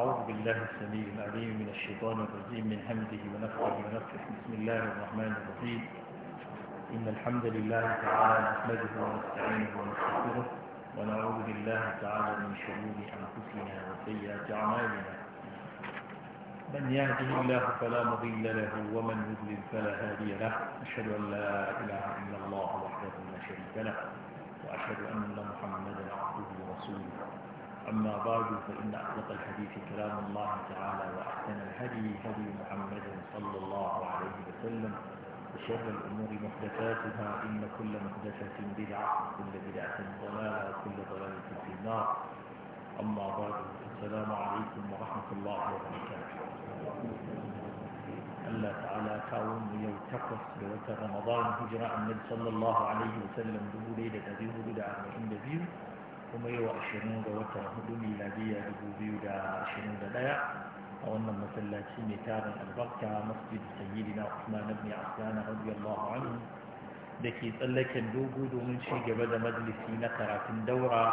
أعوذ بالله السميع العليم من الشيطان الرجيم من همزه ونفخه ونفخه بسم الله الرحمن الرحيم إن الحمد لله تعالى نحمده ونستعينه ونستغفره ونعوذ بالله تعالى من شرور أنفسنا وسيئات أعمالنا من يهده الله فلا مضل له ومن يضلل فلا هادي له أشهد أن لا إله إلا الله وحده لا شريك له وأشهد أن محمدا عبده ورسوله أما بعد فإن أصدق الحديث كلام الله تعالى وأحسن الهدي هدي محمد صلى الله عليه وسلم وشر الأمور محدثاتها إن كل محدثة بدعة وكل بدعة ضلالة وكل ضلالة في النار أما بعد السلام عليكم ورحمة الله وبركاته الله تعالى kawo mu yau رمضان هجرة النبي صلى الله عليه وسلم بوليدة kuma yau shirin ga watan hudu miladiya dubu biyu da da ɗaya a wannan masallaci mai tarin albarka masjid sayyidi na usman ibn radiyallahu anhu da ke tsallaken dogo domin ci gaba da majalisi na karatun daura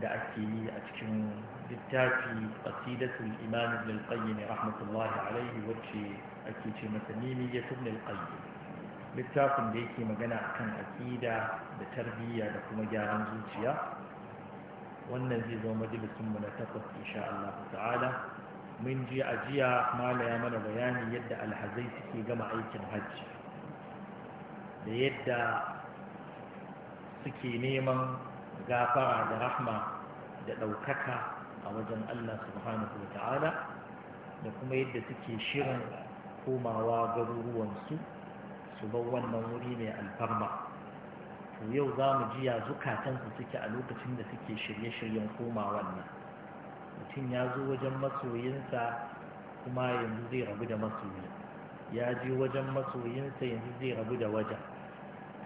da ake yi a cikin littafi qasidatul imam ibn al-qayyim rahmatullahi alayhi wacce ake ce masa nimiyyatul qayyim littafin da yake magana akan aƙida da tarbiyya da kuma gyaran zuciya wannan zai zama majalisunmu na takwas insha Allah ta'ala mun ji a jiya mala ya mana bayani yadda alhazai suke gama aikin hajji da yadda suke neman gafara da rahma da ɗaukaka a wajen Allah subhanahu wa ta'ala da kuma yadda suke shirin komawa garuruwansu su wannan wuri mai alfarma to yau za mu ji ya zukatansu suke a lokacin da suke shirye-shiryen koma wannan mutum ya zo wajen masoyinsa kuma yanzu zai rabu da masoyi ya je wajen masoyinsa yanzu zai rabu da wajen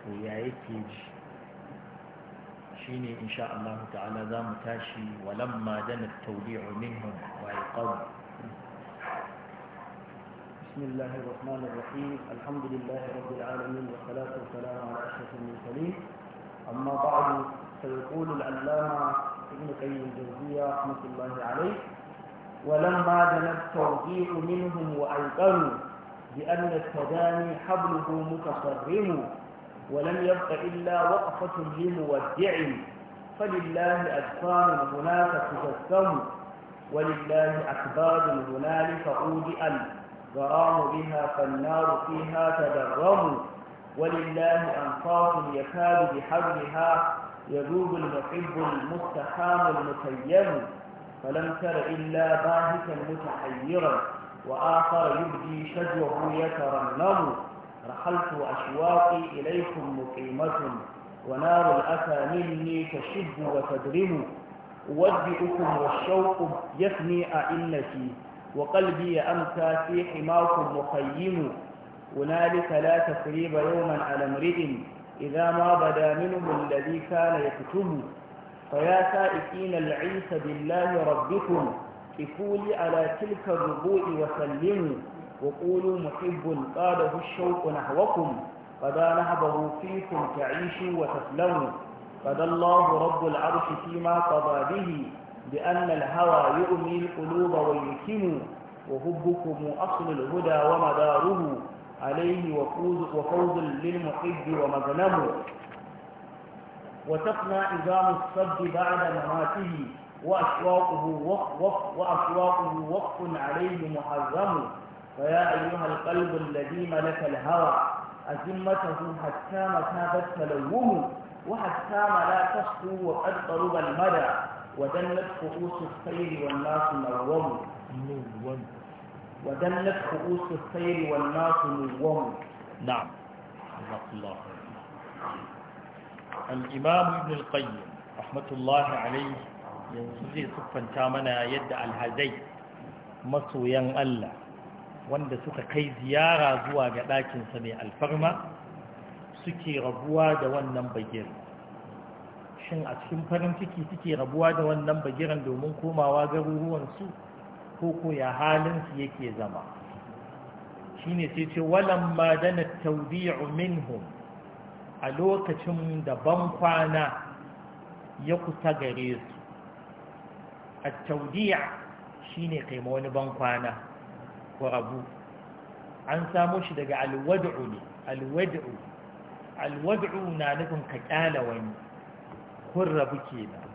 to ya yake ji shi ne insha Allah ta'ala za mu tashi walamma dana taubi'u minhum wa iqabu بسم الله الرحمن الرحيم الحمد لله رب العالمين والصلاة والسلام على أشرف المرسلين أما بعد فيقول العلامة ابن قيم الجوزية رحمة الله عليه ولما دنا التوقيع منهم وأيقنوا بأن التداني حبله متصرم ولم يبق إلا وقفة لمودع فلله أجسام هناك تجسم ولله أكباد هنالك أودئا ضراموا بها فالنار فيها تدرموا ولله أنصاف يكاد بحرها يذوب المحب المستحام المخيم فلم تر إلا باهتا متحيرا وآخر يبدي شجوه يترنم رحلت أشواقي إليكم مقيمة ونار الأسى مني تشد وتدرم أودئكم والشوق يفني أئلتي وقلبي أمسى في حماكم مخيم هنالك لا تقريب يوما على امرئ إذا ما بدا منه الذي كان يكتم فيا سائكين العيس بالله ربكم كفولي على تلك الربوع وسلموا وقولوا محب قاده الشوق نحوكم فدا نهبه فيكم تعيشوا وتسلموا فدا الله رب العرش فيما قضى به بأن الهوى يؤمي القلوب ويلكم وهبكم أصل الهدى ومداره عليه وفوز, وفوز للمحب ومغنم وتقنى عظام الصد بعد مماته وأشواقه وقف وأشواقه وقف عليه محرم فيا أيها القلب الذي ملك الهوى أزمته حتى متى التلوم وحتى ما لا تشكو وقد قرب المدى ودلت كؤوس الخير والناس نوم نوم ودلت كؤوس الخير والناس نوم نعم الله الله الإمام ابن القيم رحمة الله عليه ينصدي صفا تامنا يدعى الهدي masoyan Allah wanda suka kai ziyara zuwa ga ɗakinsa mai alfarma suke rabuwa da wannan bagir shin a cikin farin ciki suke rabuwa da wannan bagiran domin komawa garuruwansu ko ko ya halinsu yake zama shi ne sai ce walan ma dana minhum a lokacin da ban kwana ya kusa gare su a taudi'a shi ne kaima wani ban kwana ko rabu an samo shi daga alwad'u ne alwad'u alwad'u na nufin ka kyala wani kun rabu kenan